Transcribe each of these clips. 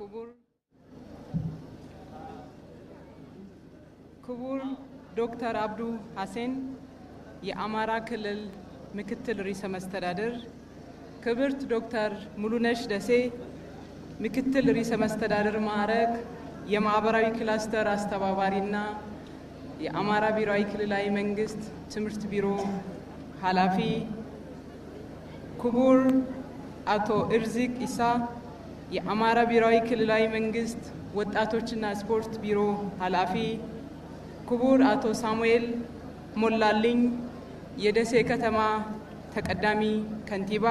ክቡር ክቡር ዶክተር አብዱ ሀሴን የአማራ ክልል ምክትል ርዕሰ መስተዳድር፣ ክብርት ዶክተር ሙሉነሽ ደሴ ምክትል ርዕሰ መስተዳድር ማዕረግ የማህበራዊ ክላስተር አስተባባሪና የአማራ ብሔራዊ ክልላዊ መንግስት ትምህርት ቢሮ ኃላፊ፣ ክቡር አቶ እርዚቅ ኢሳ የአማራ ብሔራዊ ክልላዊ መንግስት ወጣቶችና ስፖርት ቢሮ ኃላፊ ክቡር አቶ ሳሙኤል ሞላልኝ፣ የደሴ ከተማ ተቀዳሚ ከንቲባ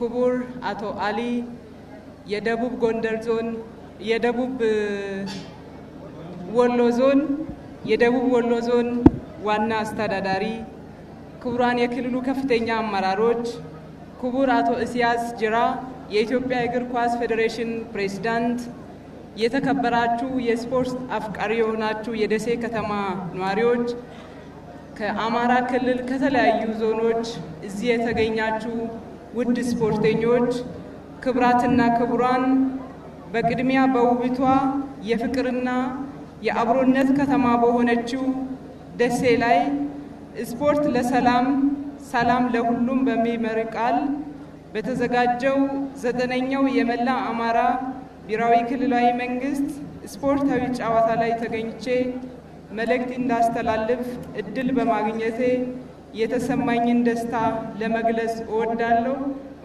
ክቡር አቶ አሊ፣ የደቡብ ጎንደር ዞን የደቡብ ወሎ ዞን የደቡብ ወሎ ዞን ዋና አስተዳዳሪ፣ ክቡራን የክልሉ ከፍተኛ አመራሮች፣ ክቡር አቶ እስያስ ጅራ የኢትዮጵያ እግር ኳስ ፌዴሬሽን ፕሬዚዳንት፣ የተከበራችሁ የስፖርት አፍቃሪ የሆናችሁ የደሴ ከተማ ነዋሪዎች፣ ከአማራ ክልል ከተለያዩ ዞኖች እዚህ የተገኛችሁ ውድ ስፖርተኞች፣ ክብራትና ክቡራን፣ በቅድሚያ በውብቷ የፍቅርና የአብሮነት ከተማ በሆነችው ደሴ ላይ ስፖርት ለሰላም ሰላም ለሁሉም በሚመር ቃል በተዘጋጀው ዘጠነኛው የመላ አማራ ብሔራዊ ክልላዊ መንግስት ስፖርታዊ ጨዋታ ላይ ተገኝቼ መልእክት እንዳስተላልፍ እድል በማግኘቴ የተሰማኝን ደስታ ለመግለጽ እወዳለሁ።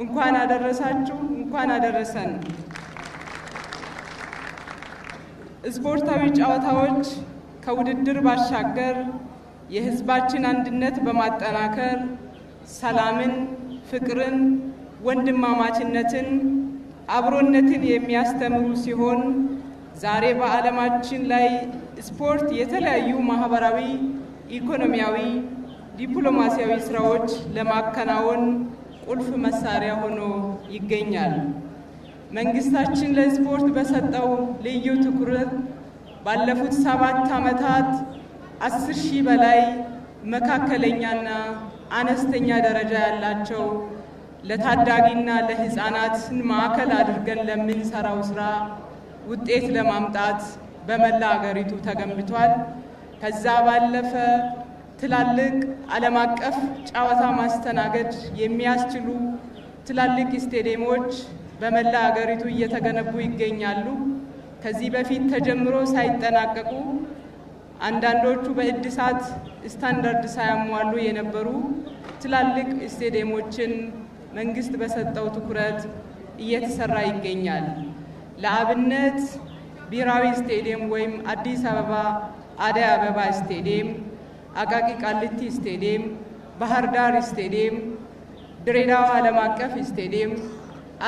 እንኳን አደረሳችሁ፣ እንኳን አደረሰን። ስፖርታዊ ጨዋታዎች ከውድድር ባሻገር የህዝባችን አንድነት በማጠናከር ሰላምን፣ ፍቅርን ወንድማማችነትን፣ አብሮነትን የሚያስተምሩ ሲሆን ዛሬ በዓለማችን ላይ ስፖርት የተለያዩ ማህበራዊ፣ ኢኮኖሚያዊ፣ ዲፕሎማሲያዊ ስራዎች ለማከናወን ቁልፍ መሳሪያ ሆኖ ይገኛል። መንግስታችን ለስፖርት በሰጠው ልዩ ትኩረት ባለፉት ሰባት ዓመታት አስር ሺህ በላይ መካከለኛና አነስተኛ ደረጃ ያላቸው ለታዳጊና ለህፃናትን ማዕከል አድርገን ለምንሰራው ስራ ውጤት ለማምጣት በመላ አገሪቱ ተገንብቷል። ከዛ ባለፈ ትላልቅ ዓለም አቀፍ ጨዋታ ማስተናገድ የሚያስችሉ ትላልቅ ስቴዲየሞች በመላ አገሪቱ እየተገነቡ ይገኛሉ። ከዚህ በፊት ተጀምሮ ሳይጠናቀቁ አንዳንዶቹ በእድሳት ስታንዳርድ ሳያሟሉ የነበሩ ትላልቅ ስቴዲየሞችን መንግስት በሰጠው ትኩረት እየተሰራ ይገኛል። ለአብነት ብሔራዊ ስቴዲየም ወይም አዲስ አበባ አደይ አበባ ስቴዲየም፣ አቃቂ ቃሊቲ ስቴዲየም፣ ባህር ዳር ስቴዲየም፣ ድሬዳዋ ዓለም አቀፍ ስቴዲየም፣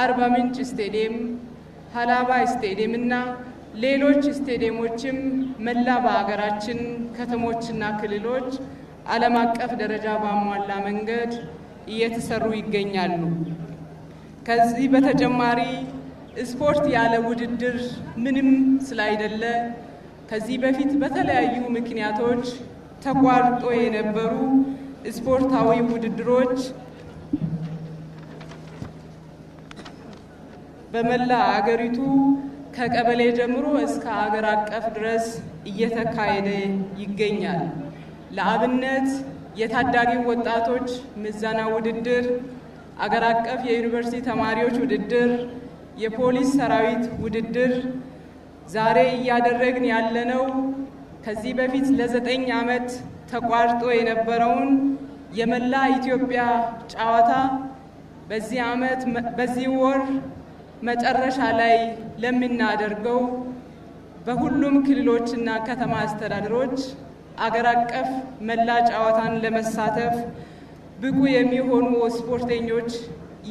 አርባ ምንጭ ስቴዲየም፣ ሀላባ ስቴዲየም እና ሌሎች ስቴዲየሞችም መላ በሀገራችን ከተሞችና ክልሎች ዓለም አቀፍ ደረጃ ባሟላ መንገድ እየተሰሩ ይገኛሉ። ከዚህ በተጨማሪ ስፖርት ያለ ውድድር ምንም ስላይደለ ከዚህ በፊት በተለያዩ ምክንያቶች ተቋርጦ የነበሩ ስፖርታዊ ውድድሮች በመላ አገሪቱ ከቀበሌ ጀምሮ እስከ ሀገር አቀፍ ድረስ እየተካሄደ ይገኛል። ለአብነት የታዳጊ ወጣቶች ምዘና ውድድር፣ አገር አቀፍ የዩኒቨርሲቲ ተማሪዎች ውድድር፣ የፖሊስ ሰራዊት ውድድር ዛሬ እያደረግን ያለነው ከዚህ በፊት ለዘጠኝ ዓመት ተቋርጦ የነበረውን የመላ ኢትዮጵያ ጨዋታ በዚህ ዓመት በዚህ ወር መጨረሻ ላይ ለምናደርገው በሁሉም ክልሎችና ከተማ አስተዳደሮች አገር አቀፍ መላ ጨዋታን ለመሳተፍ ብቁ የሚሆኑ ስፖርተኞች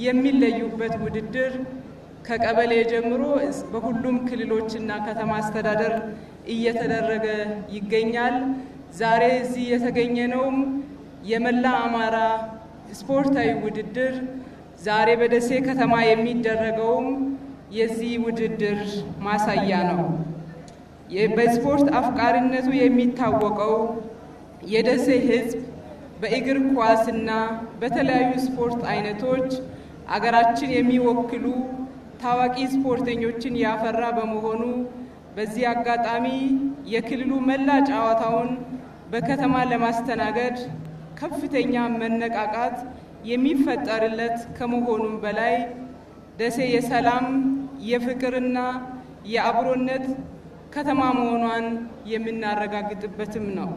የሚለዩበት ውድድር ከቀበሌ ጀምሮ በሁሉም ክልሎችና ከተማ አስተዳደር እየተደረገ ይገኛል። ዛሬ እዚህ የተገኘነውም የመላ አማራ ስፖርታዊ ውድድር ዛሬ በደሴ ከተማ የሚደረገውም የዚህ ውድድር ማሳያ ነው። በስፖርት አፍቃሪነቱ የሚታወቀው የደሴ ህዝብ በእግር ኳስና በተለያዩ ስፖርት አይነቶች አገራችን የሚወክሉ ታዋቂ ስፖርተኞችን ያፈራ በመሆኑ በዚህ አጋጣሚ የክልሉ መላ ጨዋታውን በከተማ ለማስተናገድ ከፍተኛ መነቃቃት የሚፈጠርለት ከመሆኑም በላይ ደሴ የሰላም የፍቅርና የአብሮነት ከተማ መሆኗን የምናረጋግጥበትም ነው።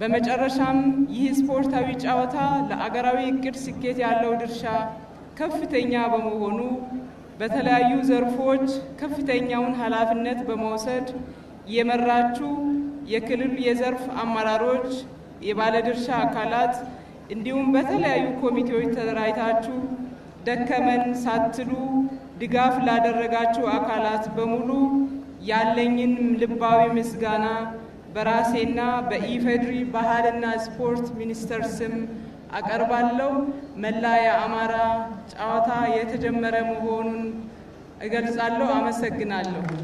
በመጨረሻም ይህ ስፖርታዊ ጨዋታ ለአገራዊ እቅድ ስኬት ያለው ድርሻ ከፍተኛ በመሆኑ በተለያዩ ዘርፎች ከፍተኛውን ኃላፊነት በመውሰድ የመራችሁ የክልል የዘርፍ አመራሮች፣ የባለድርሻ አካላት እንዲሁም በተለያዩ ኮሚቴዎች ተደራጅታችሁ ደከመን ሳትሉ ድጋፍ ላደረጋችሁ አካላት በሙሉ ያለኝን ልባዊ ምስጋና በራሴና በኢፌድሪ ባህልና ስፖርት ሚኒስቴር ስም አቀርባለሁ። መላ የአማራ ጨዋታ የተጀመረ መሆኑን እገልጻለሁ። አመሰግናለሁ።